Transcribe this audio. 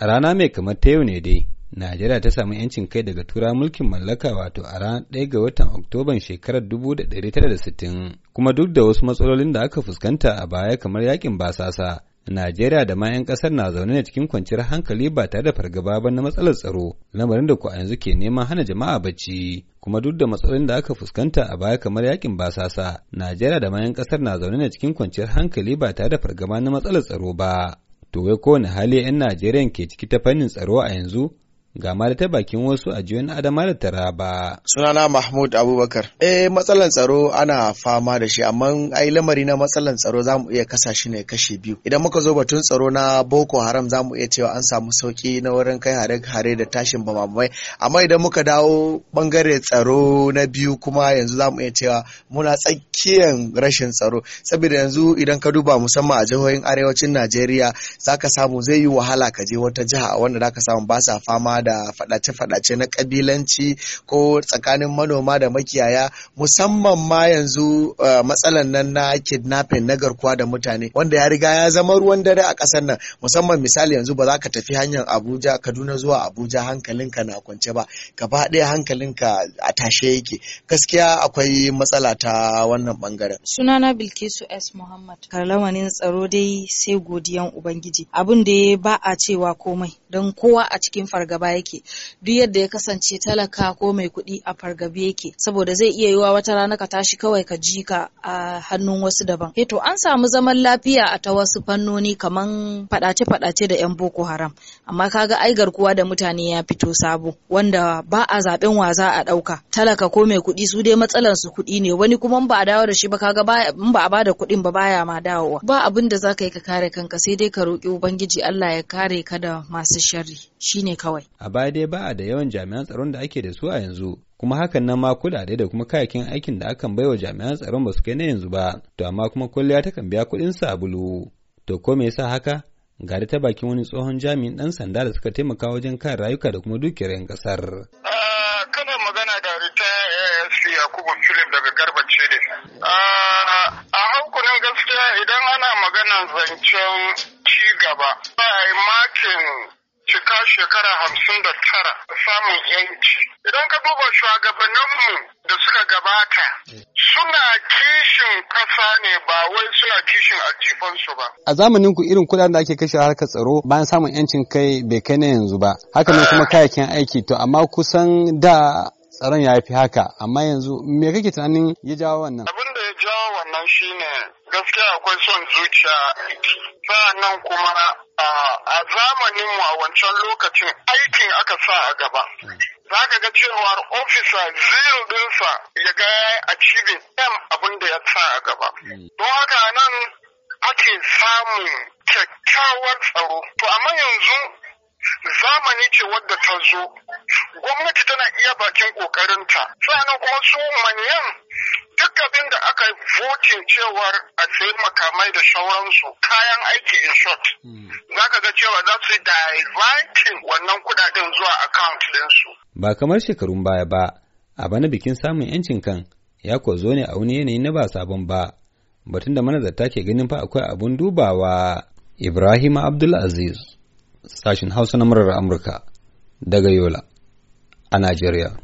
rana mai kamar ta yau ne dai, Najeriya ta samu 'yancin kai daga tura mulkin mallaka wato a ranar 1 ga watan Oktoban shekarar 1960, kuma duk da wasu matsalolin da aka fuskanta a baya kamar yakin basasa, Najeriya da ma 'yan ƙasar na zaune ne cikin kwanciyar hankali ba tare da fargaba ba na matsalar tsaro, lamarin da ku a yanzu ke neman hana jama'a bacci. Kuma duk da matsalolin da aka fuskanta a baya kamar yakin basasa, Najeriya da ma 'yan ƙasar na zaune ne cikin kwanciyar hankali ba tare da fargaba na matsalar tsaro ba. To wai ko kowane hali 'yan Najeriyan ke ciki ta fannin tsaro a yanzu? ga ta bakin wasu a jiyon adama da taraba. Sunana Mahmud Abubakar. Eh matsalan tsaro ana fama da shi amma ai lamari na matsalan tsaro za mu iya kasa shi ne kashe biyu. Idan muka zo batun tsaro na Boko Haram za mu iya cewa an samu sauki na wurin kai hare-hare da tashin bamamai. Amma idan muka dawo bangare tsaro na biyu kuma yanzu za mu iya cewa muna tsakiyan rashin tsaro. Saboda yanzu idan ka duba musamman a jihohin arewacin Najeriya za ka samu zai yi wahala ka je wata jiha wanda za ka samu ba sa fama da fadace-fadace na kabilanci ko tsakanin manoma da makiyaya musamman ma yanzu eh, matsalan nan na kidnapping na garkuwa da mutane wanda ya riga ya zama ruwan dare a ƙasar nan musamman misali yanzu ba za ka tafi hanyar Abuja Kaduna zuwa Abuja hankalinka na kwance ba gaba ɗaya hankalinka a tashe yake gaskiya akwai matsala ta wannan bangaren. Sunana Bilkisu S Muhammad karlamanin tsaro dai sai godiyan Ubangiji abin da ba a cewa komai don kowa a cikin fargaba yake duk yadda ya kasance talaka ko mai kuɗi a fargabe yake saboda zai iya yiwa wata rana ka tashi kawai ka ji ka a hannun wasu daban eh to an samu zaman lafiya a ta wasu fannoni kaman fadace-fadace da yan boko haram amma kaga ai garkuwa da mutane ya fito sabo wanda ba a zaben wa za a ɗauka talaka ko mai kuɗi su dai matsalar su kuɗi ne wani kuma ba a dawo da shi ba kaga in ba a bada kuɗin ba baya ma dawowa ba abin da za ka yi ka kare kanka sai dai ka roƙi ubangiji Allah ya kare ka da masu sharri shine kawai. A baya dai ba a da yawan jami'an tsaron da ake da su a yanzu kuma hakan nan ma kuɗaɗe da kuma kayakin aikin da akan baiwa jami'an tsaron ba su kai na yanzu ba to amma kuma kulliya kan biya kuɗin sabulu. To ko me yasa haka? Gari ta bakin wani tsohon jami'in ɗan sanda da suka taimaka wajen kan rayuka da kuma dukiyar 'yan ƙasar. Ah, kana magana da rita Yakubu Philip daga Garba Cede. Ah, a hankulin gaskiya idan ana maganar zancen ci gaba. Ba a yi makin shekara hamsin da tara samun yanci. Idan ka duba shugabanninmu da suka gabata suna kishin kasa ne ba wai suna kishin aljifansu ba. A zamanin ku irin kudaden da ake kashe harkar tsaro bayan samun yancin kai bai kai na yanzu ba. Haka nan kuma kayayyakin aiki to amma kusan da tsaron ya fi haka amma yanzu me kake tunanin ya jawo wannan? nan ne gaskiya akwai son zuciya nan kuma a zamanin mu a wancan lokacin aikin aka sa a gaba za ka ga cewa ofisa zero dinsa ya ga a cibin ɗan abin da ya sa a gaba don haka nan ake samun kyakkyawar tsaro to amma yanzu zamani ce wadda ta zo gwamnati tana iya bakin ƙoƙarinta sannan kuma su manyan suka voke cewar a sayi makamai da sauransu kayan aiki in short hmm. za ka ga cewa za su yi wannan kudaden zuwa account ɗinsu. ba kamar shekarun baya ba a bana bikin samun yancin kan ya ko zo ne a wani yanayi na ba sabon ba batun da manazarta ke ganin fa akwai abun dubawa ibrahim abdulaziz sashin hausa na murar amurka daga yola a najeriya